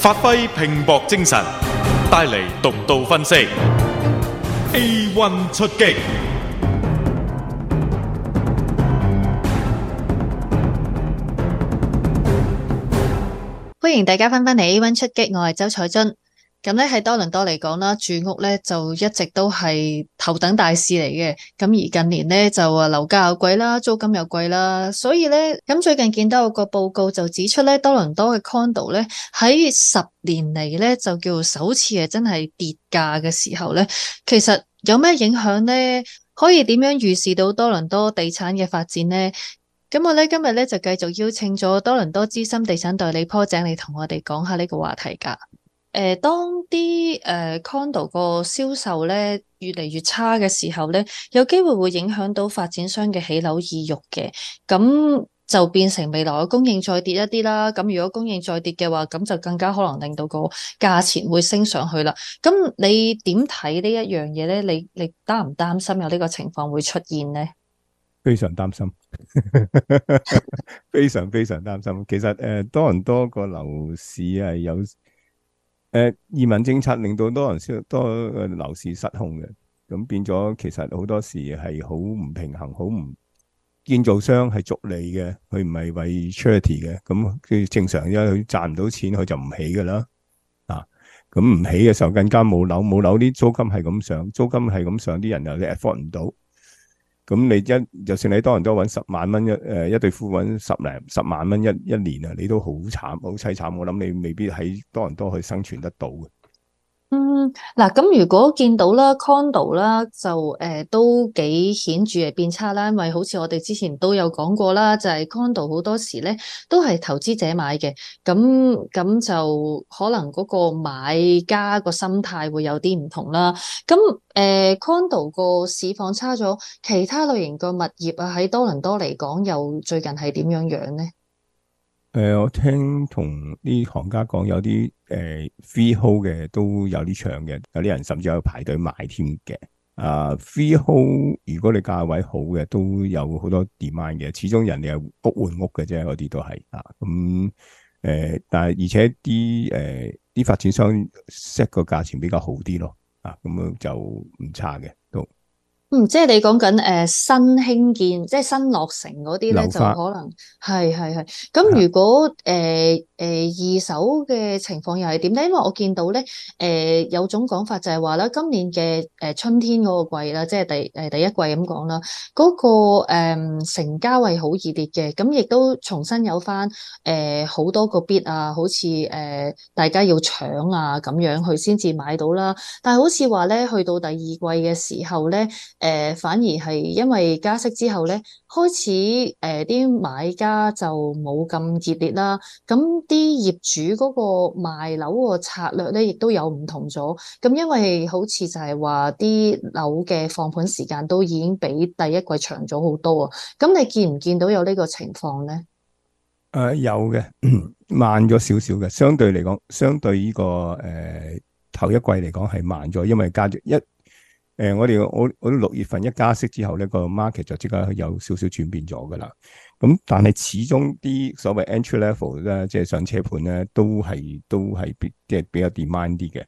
發揮拼搏精神，帶嚟獨到分析。A one 出擊，歡迎大家翻返嚟，A one 出擊，我係周彩津。咁咧喺多倫多嚟講啦，住屋咧就一直都係頭等大事嚟嘅。咁而近年咧就啊，樓價又貴啦，租金又貴啦，所以咧咁最近見到有個報告就指出咧，多倫多嘅 condo 咧喺十年嚟，咧就叫首次係真係跌價嘅時候咧，其實有咩影響咧？可以點樣預示到多倫多地產嘅發展咧？咁我咧今日咧就繼續邀請咗多倫多資深地產代理坡井嚟同我哋講下呢個話題噶。誒、呃，當啲 condo 個銷售咧越嚟越差嘅時候咧，有機會會影響到發展商嘅起樓意欲嘅，咁就變成未來嘅供應再跌一啲啦。咁如果供應再跌嘅話，咁就更加可能令到個價錢會升上去啦。咁你點睇呢一樣嘢咧？你你擔唔擔心有呢個情況會出現咧？非常擔心， 非常非常擔心。其實誒、呃，多倫多個樓市係有。誒，uh, 移民政策令到多人少多樓市失控嘅。咁變咗其實好多時係好唔平衡，好唔建造商係逐利嘅，佢唔係為 charity 嘅，咁正常，因為佢賺唔到錢，佢就唔起噶啦，啊，咁唔起嘅時候更加冇樓，冇樓啲租金係咁上，租金係咁上，啲人又啲 afford 唔到。咁你一就算你喺多倫多揾十萬蚊一、呃、一對夫婦揾十零十萬蚊一一年你都好慘，好淒慘，我諗你未必喺多倫多去生存得到嘅嗯，嗱，咁如果見到啦，condo 啦，cond 就誒、呃、都幾顯著嘅變差啦，因為好似我哋之前都有講過啦，就係、是、condo 好多時咧都係投資者買嘅，咁咁就可能嗰個買家個心態會有啲唔同啦，咁誒、呃、condo 個市況差咗，其他類型嘅物業啊，喺多倫多嚟講，又最近係點樣樣咧？誒、呃，我聽同啲行家講，有啲誒、呃、freehold 嘅都有啲搶嘅，有啲人甚至有排隊買添嘅。啊、呃、freehold 如果你價位好嘅，都有好多 demand 嘅。始終人哋係屋換屋嘅啫，嗰啲都係啊。咁、嗯、誒，但、呃、係而且啲誒啲發展商 set 個價錢比較好啲咯。啊，咁、嗯、就唔差嘅都。嗯，即係你講緊誒新興建，即、就、係、是、新落成嗰啲咧，花就可能係係係。咁如果誒誒的、呃、二手嘅情況又係點咧？因為我見到咧，誒、呃、有種講法就係話咧，今年嘅誒春天嗰個季啦，即係第誒第一季咁講啦，嗰、那個誒、呃、成交位好熱烈嘅，咁亦都重新有返誒好多個 bid 啊，好似誒、呃、大家要搶啊咁樣去先至買到啦。但係好似話咧，去到第二季嘅時候咧。誒、呃、反而係因為加息之後咧，開始誒啲、呃、買家就冇咁熱烈啦。咁啲業主嗰個賣樓個策略咧，亦都有唔同咗。咁因為好似就係話啲樓嘅放盤時間都已經比第一季長咗好多啊。咁你見唔見到有呢個情況咧？誒、呃、有嘅，慢咗少少嘅，相對嚟講，相對呢、這個誒、呃、頭一季嚟講係慢咗，因為加咗一。誒，我哋我我六月份一加息之後咧，呢個 market 就即刻有少少轉變咗㗎啦。咁、嗯、但係始終啲所謂 entry level 咧，即係上車盤咧，都係都係即係比較 demand 啲嘅。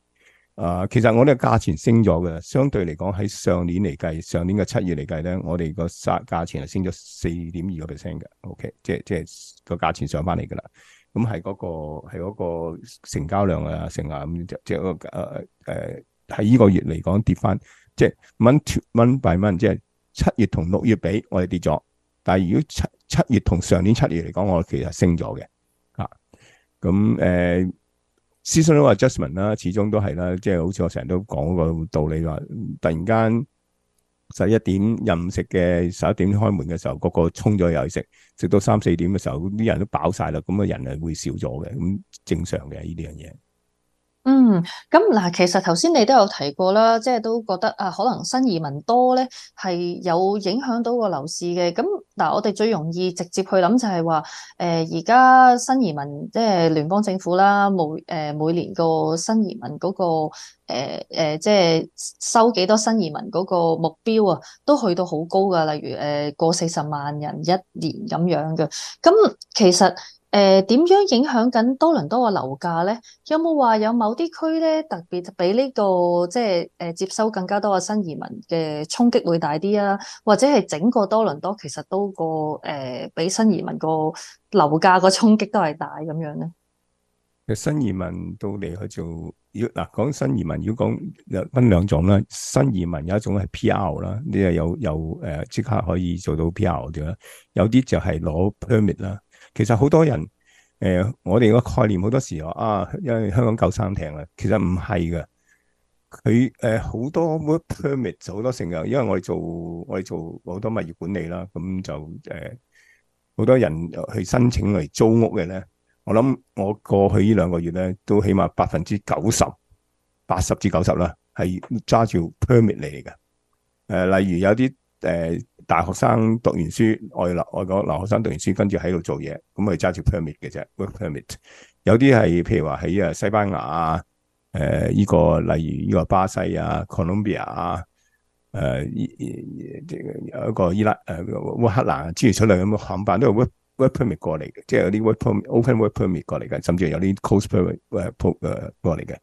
啊、呃，其實我哋價錢升咗嘅，相對嚟講喺上年嚟計，上年嘅七月嚟計咧，我哋個價錢係升咗四點二個 percent 嘅。OK，即係即係個價錢上翻嚟㗎啦。咁係嗰個係嗰個成交量啊，成啊咁即係喺依個月嚟講跌翻。即係蚊脱蚊 by 蚊，即係七月同六月比，我哋跌咗。但係如果七七月同上年七月嚟講，我哋其實升咗嘅。吓咁誒，seasonal adjustment 啦，始終都係啦。即係好似我成日都講個道理啦，突然間十一點任食嘅，十一點開門嘅時候，個個衝咗又去食，食到三四點嘅時候，啲人都飽晒啦，咁啊人係會少咗嘅，咁正常嘅呢啲樣嘢。嗯，咁嗱，其實頭先你都有提過啦，即係都覺得啊，可能新移民多咧，係有影響到個樓市嘅。咁嗱，我哋最容易直接去諗就係話，誒而家新移民即係聯邦政府啦，每誒每年個新移民嗰個誒誒，即係收幾多新移民嗰個目標啊，都去到好高噶，例如誒過四十萬人一年咁樣嘅。咁其實誒，點、呃、樣影響緊多倫多嘅樓價咧？有冇話有，有某啲區咧特別比呢、這個即係誒、呃、接收更加多嘅新移民嘅衝擊會大啲啊？或者係整個多倫多其實都個誒、呃、比新移民個樓價個衝擊都係大咁樣咧？新移民到嚟去做要嗱，講新移民要講要分兩種啦。新移民有一種係 PR 啦，你係有有誒即刻可以做到 PR 嘅，有啲就係攞 permit 啦。其實好多人，誒、呃，我哋個概念好多時候啊，因為香港舊三艇啊，其實唔係㗎。佢誒好多 work permit 好多成日，因為我哋做我哋做好多物業管理啦，咁就誒、好、呃、多人去申請嚟租屋嘅咧。我諗我過去呢兩個月咧，都起碼百分之九十、八十至九十啦，係揸住 permit 嚟嘅。誒、呃，例如有啲誒。呃大學生讀完書外落外國，留學生讀完書跟住喺度做嘢，咁佢揸住 permit 嘅啫，work permit。有啲係譬如話喺啊西班牙啊，誒、呃、依、這個例如依個巴西啊、Colombia 啊，誒依依一個伊拉誒烏克蘭，諸如此類咁嘅冚唪唥都 work work permit 過嚟嘅，即係有啲 work p e open work permit 過嚟嘅，甚至有啲 close permit 誒僕誒過嚟嘅。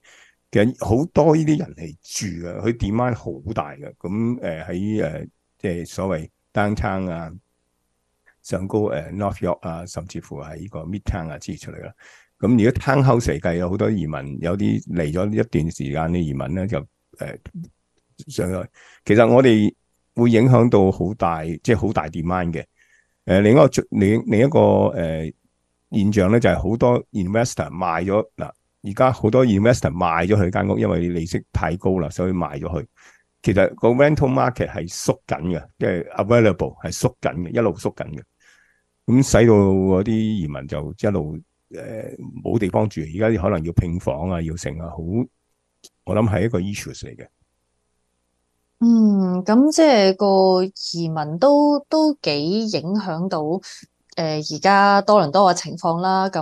其實好多呢啲人嚟住嘅，佢 demand 好大嘅，咁、嗯、喺、呃、即係所謂。東啊、上高誒、呃、North York 啊，甚至乎係呢個 Midtown 啊之類咁如果、啊、Townhouse 設計有好多移民，有啲嚟咗一段時間嘅移民咧，就誒、呃、上咗去。其實我哋會影響到好大，即係好大 demand 嘅。誒、呃，另一個另另一個誒、呃、現象咧，就係、是、好多 investor 賣咗嗱，而家好多 investor 賣咗佢間屋，因為利息太高啦，所以賣咗佢。其實個 rental market 係縮緊嘅，即係 available 係縮緊嘅，一路縮緊嘅，咁使到嗰啲移民就一路誒冇地方住，而家可能要拼房啊，要成啊，好，我諗係一個 issues 嚟嘅。嗯，咁即係個移民都都幾影響到誒，而家多倫多嘅情況啦，咁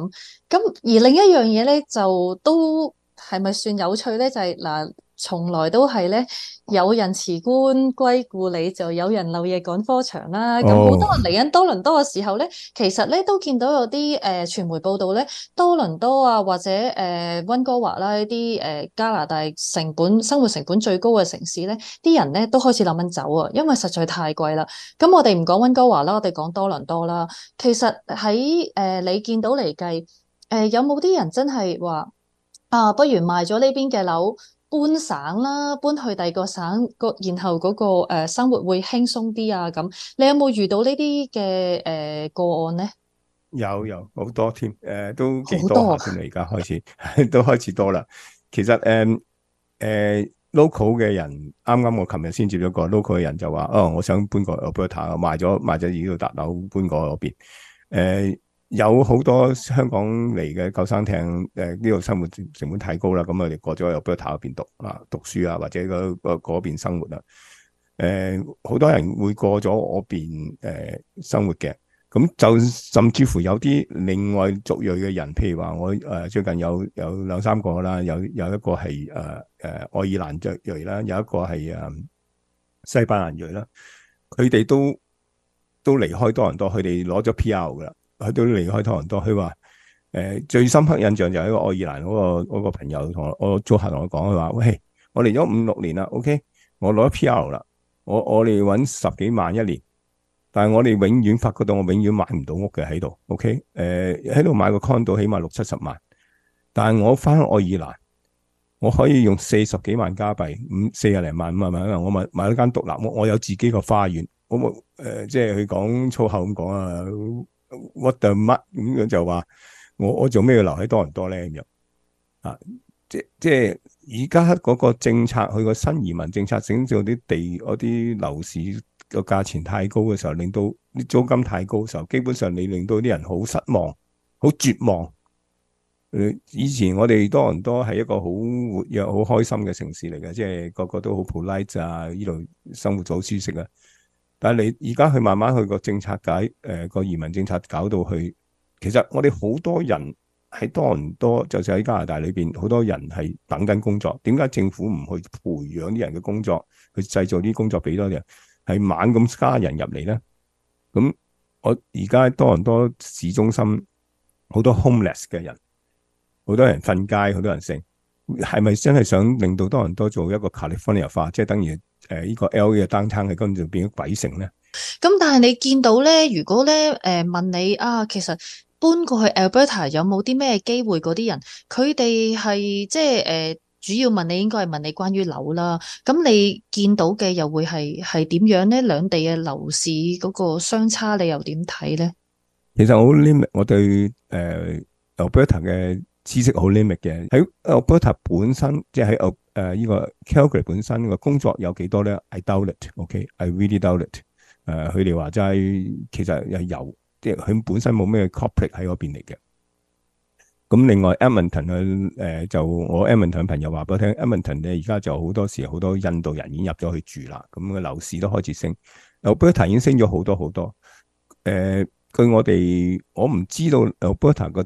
咁而另一樣嘢咧就都係咪算有趣咧？就係嗱。從來都係咧，有人辭官歸故里，就有人漏夜趕科場啦。咁好、oh. 多人嚟緊多倫多嘅時候咧，其實咧都見到有啲誒傳媒報道咧，多倫多啊或者誒溫哥華啦呢啲誒加拿大成本生活成本最高嘅城市咧，啲人咧都開始諗緊走啊，因為實在太貴啦。咁我哋唔講溫哥華啦，我哋講多倫多啦。其實喺誒、呃、你見到嚟計，誒、呃、有冇啲人真係話啊，不如賣咗呢邊嘅樓？搬省啦，搬去第二個省然後嗰、那個、呃、生活會輕鬆啲啊咁。你有冇遇到呢啲嘅個案咧？有有好多添，誒、呃、都幾多添啦。而家多開始都開始多啦。其實誒誒、呃呃、local 嘅人，啱啱我琴日先接咗個 local 嘅人就話：哦，我想搬過 Alberta 賣咗賣咗要度搭樓，搬過嗰邊。誒、呃。有好多香港嚟嘅救生艇，誒呢度生活成本太高啦，咁我哋過咗又不如投喺邊讀啊，讀書啊，或者嗰邊生活啊，誒、呃，好多人會過咗我邊誒、呃、生活嘅，咁就甚至乎有啲另外族裔嘅人，譬如話我誒、呃、最近有有兩三個啦，有有一個係誒誒愛爾蘭族裔啦，有一個係誒、呃呃、西班牙裔啦，佢哋都都離開多倫多，佢哋攞咗 P.R. 噶啦。佢都離開多倫多，佢話誒最深刻印象就喺個愛爾蘭嗰個嗰、嗰個朋友同我租客同我講，佢話喂，我嚟咗五六年啦，OK 我攞 P.R. 啦，我我哋揾十幾萬一年，但係我哋永遠發覺到我永遠買唔到屋嘅喺度，OK 誒喺度買個 condo 起碼六七十萬，但係我翻愛爾蘭，我可以用四十幾萬加幣五四廿零萬五萬蚊啊，我買我買咗間獨立屋，我有自己個花園，好冇，誒、呃？即係佢講粗口咁講啊！what the 乜咁樣就話我我做咩要留喺多倫多咧咁樣啊？即即係而家嗰個政策，佢個新移民政策整咗啲地嗰啲樓市個價錢太高嘅時候，令到啲租金太高嘅時候，基本上你令到啲人好失望、好絕望。誒、嗯，以前我哋多倫多係一個好活躍、好開心嘅城市嚟嘅，即係個個都好 polite 啊，依度生活咗好舒適啊。但係你而家去慢慢去個政策解，誒、呃那個移民政策搞到去，其實我哋好多人喺多倫多，就住喺加拿大裏邊，好多人係等緊工作。點解政府唔去培養啲人嘅工作，去製造啲工作俾多啲人？係猛咁加人入嚟咧。咁我而家多倫多市中心好多 homeless 嘅人，好多人瞓街，好多人性，係咪真係想令到多倫多做一個 California 化？即係等於。誒，呢、呃這個 L.A. 嘅 downtown 嘅根本變咗鬼城咧。咁、嗯、但係你見到咧，如果咧，誒、呃、問你啊，其實搬過去 Alberta 有冇啲咩機會？嗰啲人，佢哋係即係誒，主要問你應該係問你關於樓啦。咁、嗯、你見到嘅又會係係點樣咧？兩地嘅樓市嗰個相差，你又點睇咧？其實我呢，我對誒、呃、Alberta 嘅。知識好 limit 嘅喺 Alberta 本身，即係喺呢依個 Calgary 本身個工作有幾多咧？I doubt it，OK，I、okay? really doubt it、呃。佢哋話就係其實有，即係佢本身冇咩 corporate 喺嗰邊嚟嘅。咁另外 Edmonton 啊、呃，就我 Edmonton 朋友話俾我聽，Edmonton 咧而家就好多時好多印度人已經入咗去住啦。咁、嗯、個樓市都開始升，Alberta 已經升咗好多好多。誒、呃，據我哋我唔知道 Alberta 個。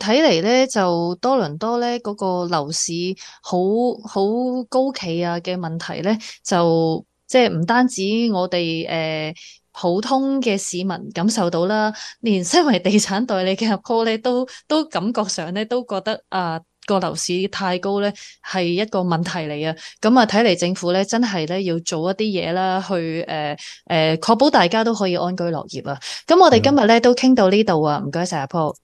睇嚟咧就多倫多咧嗰個樓市好好高企啊嘅問題咧就即係唔單止我哋誒、呃、普通嘅市民感受到啦，連身為地產代理嘅阿 Paul 呢，咧都都感覺上咧都覺得啊個、呃、樓市太高咧係一個問題嚟呀。咁啊睇嚟政府咧真係咧要做一啲嘢啦，去誒誒確保大家都可以安居樂業啊！咁我哋今日咧都傾到呢度啊，唔該晒，阿 Paul。